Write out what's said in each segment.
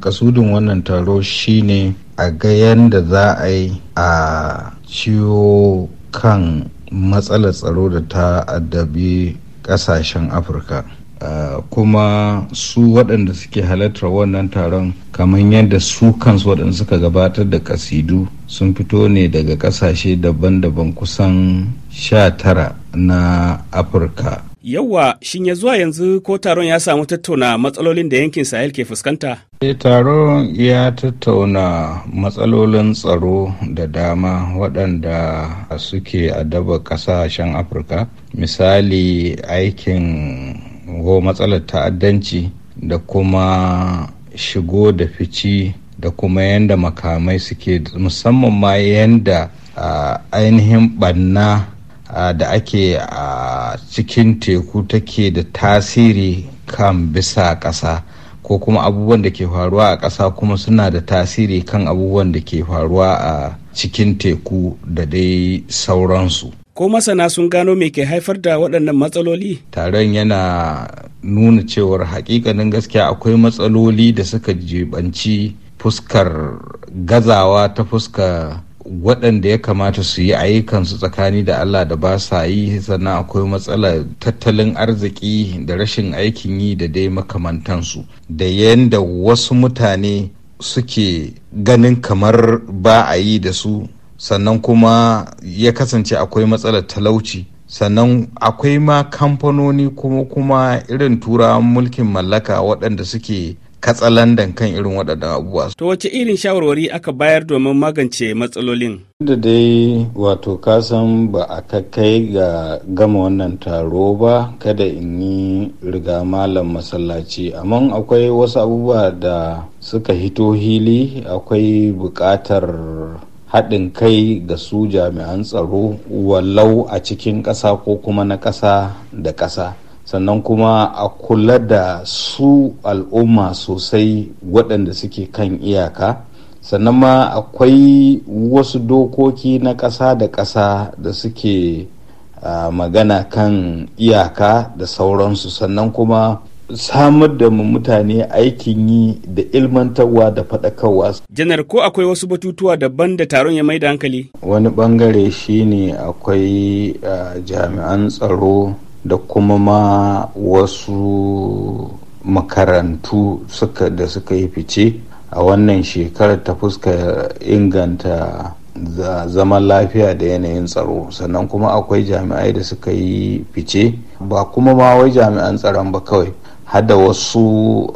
makasudin wannan taro shine a ga yadda za a yi a ciwo kan matsalar tsaro da ta addabi kasashen afirka Uh, kuma su waɗanda suke halartar wannan taron kamar yadda su kansu waɗanda suka gabatar da kasidu sun fito ne daga ƙasashe daban-daban kusan sha tara na afirka Yawwa, shin ya zuwa yanzu ko taron ya samu tattauna matsalolin da yankin Sahel ke fuskanta? Eh, taron ya tattauna matsalolin tsaro da dama waɗanda suke adaba ƙasashen Afirka. Misali aikin ko matsalar ta'addanci da kuma shigo da fici da kuma yadda makamai suke musamman ma yanda ah, ainihin ɓanna ah, da ake a ah, cikin teku take da tasiri kan bisa ƙasa ko kuma abubuwan da ke faruwa a ƙasa kuma suna da tasiri kan abubuwan da ke faruwa a cikin teku da dai sauransu ko masana sun gano me ke haifar da waɗannan matsaloli taron yana nuna cewar hakikanin gaskiya akwai matsaloli da suka jibanci fuskar gazawa ta fuskar waɗanda ya kamata su yi ayyukansu tsakani da Allah da ba sa yi sannan akwai matsalar tattalin arziki da rashin aikin yi da dai makamantansu da yadda wasu mutane suke ganin kamar ba a yi da su sannan kuma ya kasance akwai matsalar talauci sannan akwai ma kamfanoni kuma kuma irin turawan mulkin mallaka waɗanda suke katsalandan kan irin waɗannan abubuwa. To wace irin shawarwari aka bayar domin magance matsalolin? Da dai wato kasan ba a kai ga gama wannan taro ba kada in yi riga malam masallaci amma akwai wasu abubuwa da suka hito hili akwai buƙatar haɗin kai ga su jami'an tsaro walau a cikin ƙasa ko kuma na ƙasa da ƙasa. sannan kuma a kula da su al'umma sosai waɗanda suke kan iyaka sannan ma akwai wasu dokoki na ƙasa da ƙasa da suke uh, magana kan iyaka da sauransu sannan kuma samar da mutane aikin yi da ilmantarwa da faɗakarwa. janar ko akwai wasu batutuwa daban da taron ya mai da hankali wani bangare shine akwai uh, jami'an tsaro da kuma ma wasu makarantu suka da suka yi fice a wannan shekarar ta fuska inganta zaman lafiya da yanayin tsaro sannan kuma akwai jami'ai da suka yi fice ba kuma ma wai jami'an tsaron ba kawai hada wasu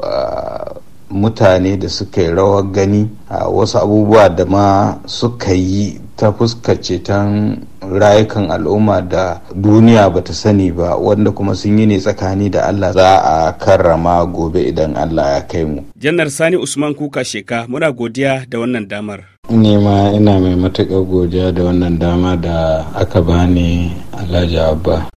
mutane da suka yi rawar gani a wasu abubuwa da ma suka yi ta fuskace tan rayukan al'umma da duniya ba ta sani ba wanda kuma sun yi ne tsakani da Allah za a karrama gobe idan Allah ya kai mu. Jannar Sani Usman Kuka Sheka muna godiya da wannan damar. Nima ina mai matuƙar godiya da wannan dama da aka bani Alhaji Abba.